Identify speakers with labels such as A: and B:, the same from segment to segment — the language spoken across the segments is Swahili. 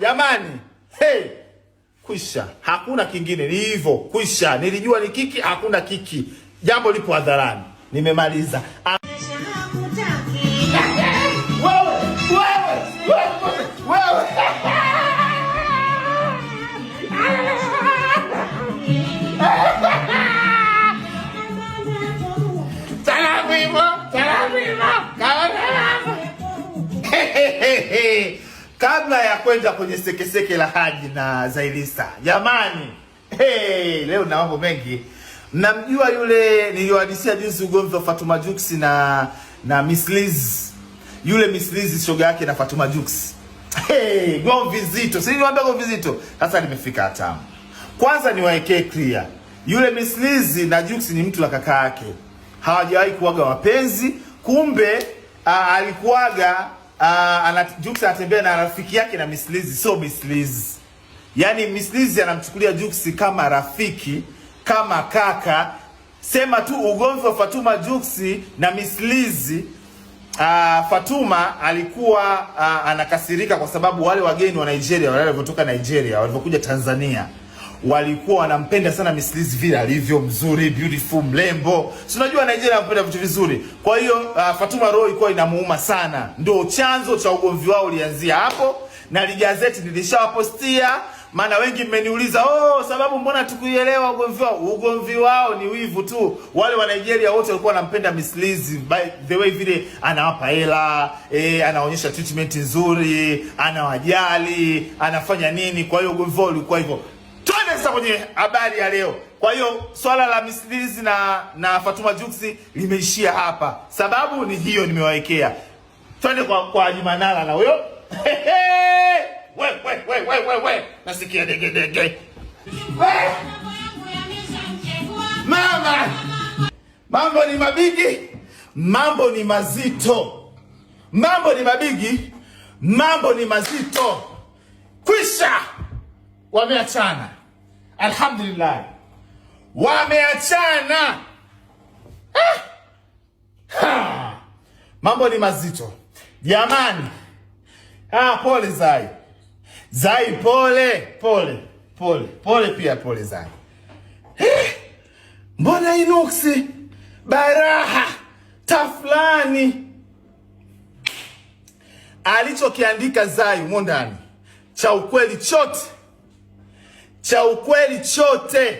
A: jamani, hey, kwisha, hakuna kingine, ni hivyo kwisha. Nilijua ni kiki, hakuna kiki, jambo lipo hadharani, nimemaliza. kwenda kwenye sekeseke la Haji na Zailisa. Jamani, hey, leo na mambo mengi. Namjua yule niliyohadisia jinsi ugomvi wa Fatuma Jux na na Miss Liz. Yule Miss Liz shoga yake na Fatuma Jux. Hey, gomvi zito. Si niwaambia gomvi zito. Sasa nimefika hatamu. Kwanza niwaekee clear. Yule Miss Liz na Jux ni mtu la kaka yake. Hawajawahi kuwaga wapenzi, kumbe a, ah, alikuwaga uh, Jux anatembea na rafiki yake na Miss Lizzy, so Miss Lizzy. Yaani Miss Lizzy anamchukulia Jux kama rafiki, kama kaka. Sema tu ugomvi wa Fatuma Jux na Miss Lizzy Uh, Fatuma alikuwa uh, anakasirika kwa sababu wale wageni wa Nigeria wale walivyotoka Nigeria walivyokuja Tanzania walikuwa wanampenda sana Miss Liz vile alivyo mzuri, beautiful, mrembo. Si unajua Nigeria anapenda vitu vizuri. Kwa hiyo uh, Fatuma Roy ilikuwa inamuuma sana, ndio chanzo cha ugomvi wao ulianzia hapo, na ligazeti nilishawapostia maana wengi mmeniuliza, oh, sababu mbona tukuielewa ugomvi wao? Ugomvi wao ni wivu tu. Wale wa Nigeria wote walikuwa wanampenda Miss Liz by the way, vile anawapa hela eh, anaonyesha treatment nzuri, anawajali, anafanya nini. Kwa hiyo ugomvi wao ulikuwa hivyo. Sasa kwenye habari ya leo, kwa hiyo swala la Mislizi na na Fatuma Juksi limeishia hapa, sababu ni hiyo nimewawekea. Twende kwa kwa Jumanala na huyo we we we we we we, nasikia dege dege mama, mambo ni mabigi, mambo ni mazito, mambo ni mabigi, mambo ni mazito. Kwisha, wameachana. Alhamdulillah wameachana. Ah! Mambo ni mazito jamani. Ah, pole Zai, Zai pole pole pole pole, pia pole Zai. Eh, mbona inuksi baraha tafulani alichokiandika Zai mondani cha ukweli chote cha ukweli chote.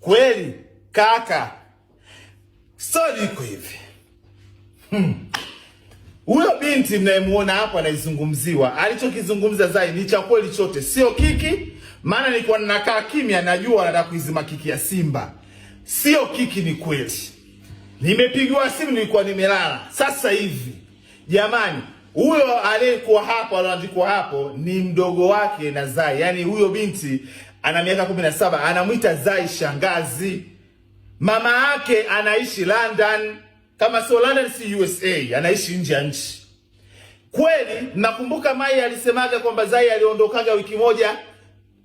A: Kweli kaka, stori iko hivi hmm. huyo hmm. Binti mnayemuona hapo anaizungumziwa, alichokizungumza Zai ni cha kweli chote, sio kiki. Maana nilikuwa ninakaa kimya, najua anataka kuizima kiki ya Simba. Sio kiki, ni kweli. Nimepigiwa simu, nilikuwa nimelala. Sasa hivi jamani huyo aliyekuwa hapo alioandikwa hapo ni mdogo wake na Zai, yaani huyo binti ana miaka kumi na saba, anamwita Zai shangazi. Mama yake anaishi London, kama sio London si USA, anaishi nje ya nchi. Kweli nakumbuka Mai alisemaga kwamba Zai aliondokaga wiki moja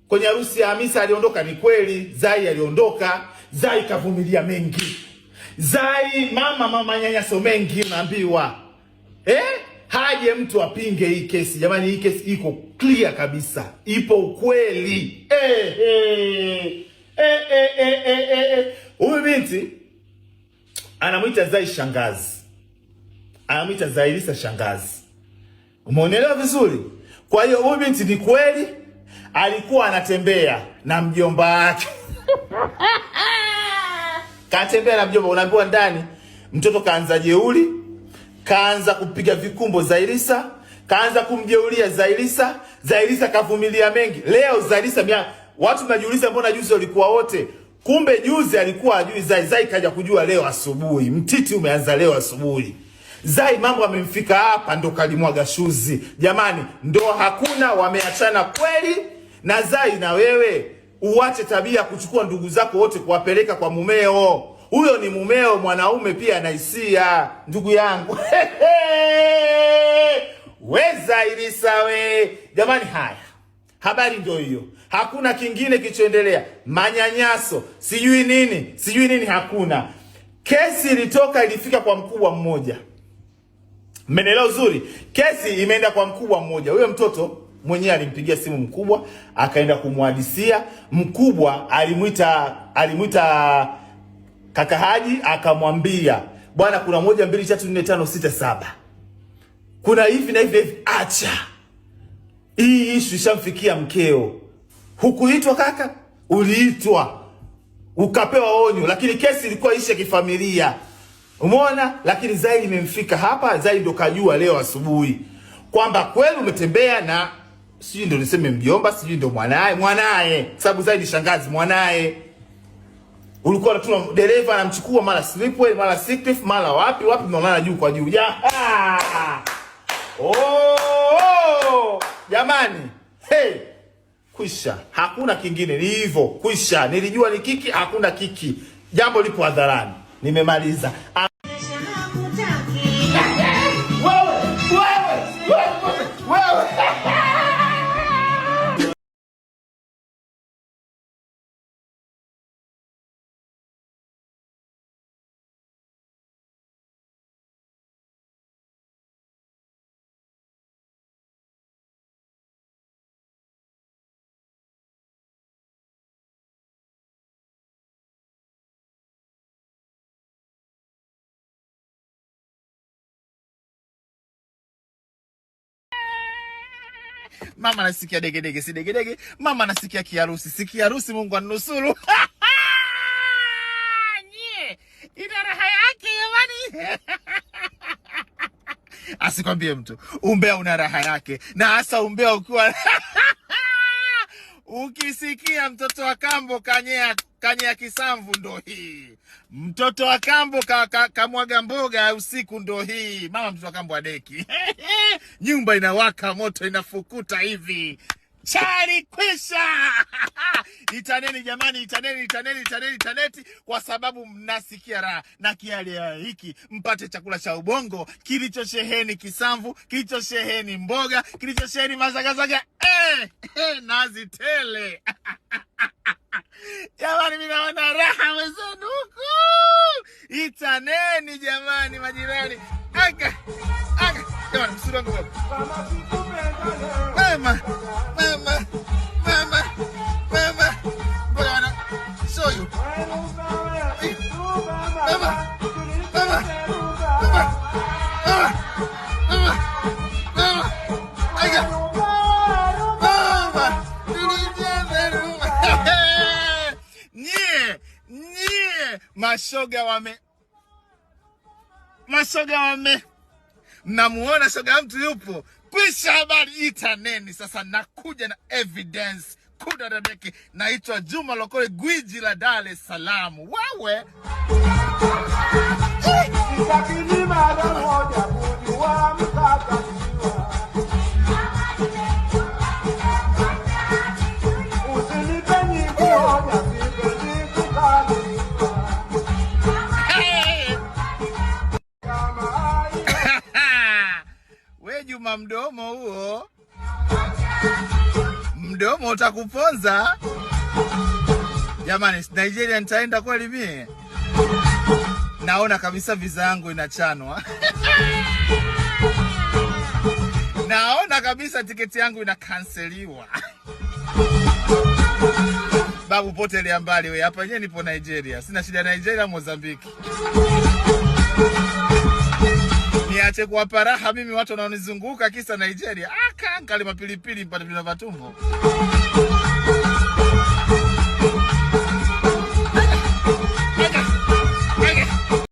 A: kwenye harusi ya Hamisa, aliondoka. Ni kweli, Zai aliondoka. Zai kavumilia mengi. Zai mama mama nyanyaso mengi, naambiwa eh aje mtu apinge hii kesi jamani? Hii kesi iko clear kabisa, ipo ukweli. Eh eh, eh, eh, eh, eh, eh, eh, eh. Huyu binti anamwita Zai shangazi, anamwita Zailisa shangazi, umeonelewa vizuri. Kwa hiyo huyu binti ni kweli alikuwa anatembea na mjomba wake katembea na mjomba, unaambiwa ndani mtoto kaanza jeuli kaanza kupiga vikumbo Zailisa, kaanza kumjeulia Zailisa. Zailisa kavumilia mengi. Leo Zailisa mia, watu najiuliza mbona juzi walikuwa wote, kumbe juzi alikuwa ajui Zai. Zai kaja kujua leo asubuhi, mtiti umeanza leo asubuhi. Zai mambo amemfika hapa, ndo kalimwaga shuzi. Jamani, ndo hakuna wameachana kweli. Na Zai, na wewe uwache tabia kuchukua ndugu zako wote kuwapeleka kwa mumeo huyo ni mumeo, mwanaume pia na hisia, ndugu yangu weza ilisawe jamani. Haya, habari ndio hiyo, hakuna kingine kilichoendelea. Manyanyaso sijui nini sijui nini, hakuna kesi ilitoka, ilifika kwa mkubwa mmoja, mmenelewa uzuri. Kesi imeenda kwa mkubwa mmoja, huyo mtoto mwenyewe alimpigia simu mkubwa, akaenda kumwadisia mkubwa, alimwita alimwita Kaka Haji akamwambia bwana, kuna moja mbili tatu nne tano sita saba, kuna hivi na hivi, acha hii ishu ishamfikia mkeo. Hukuitwa kaka, uliitwa ukapewa onyo, lakini kesi ilikuwa ishe kifamilia, umeona. Lakini zaidi imemfika hapa, zaidi ndo kajua leo asubuhi kwamba kweli umetembea na sijui ndo niseme mjomba, sijui ndo mwanaye mwanaye, sababu Zai ni shangazi mwanaye ulikuwa unatuma dereva anamchukua mara Slipway mara Siktif mara wapi wapi, mnaonana juu kwa juu ja ah! oh! Jamani, hey, kwisha, hakuna kingine, ni hivyo kwisha. Nilijua ni kiki, hakuna kiki, jambo lipo hadharani, nimemaliza. Mama nasikia degedege, si degedege. Mama nasikia kiharusi, si kiharusi. Mungu anusuru. Nye ina raha yake jamani. Asikwambie mtu umbea una raha yake, na hasa umbea ukiwa Ukisikia mtoto wa kambo kanyea, kanyea kisamvu, ndo hii. Mtoto wa kambo kamwaga ka, ka mboga usiku, ndo hii. Mama mtoto wa kambo adeki nyumba inawaka moto, inafukuta hivi. Chari kwisha. Itaneni jamani, itaneni, itaneni, itaneni, itaneti kwa sababu mnasikia raha na kialia hiki, mpate chakula cha ubongo kilichosheheni kisamvu, kilichosheheni mboga, kilichosheheni mazagazaga eh, eh, nazi tele Jamani, mimi naona raha mwezenuku. Itaneni jamani, majirani aka Olha, misturando o outro. Mama, mama, mama, mama. Goiânia, sou eu. Mama, mama, mama, mama, mama, mama. Aí, Mama, Nie, nie, masoga wame. Masoga wame. namuona shoga mtu yupo pisha, habari itaneni sasa. Nakuja na evidence kuda dadeki, naitwa Juma Lokole, gwiji la Dar es Salaam. Wewe utakuponza jamani, Nigeria nitaenda kweli mie, naona kabisa visa yangu inachanwa naona kabisa tiketi yangu inakanseliwa. Babu potele ambali we hapa nye nipo Nigeria, sina shida Nigeria Mozambiki niache kuwapa raha mimi watu wanaonizunguka kisa Nigeria. Akankali ah, mapilipili mpate vina vatumbo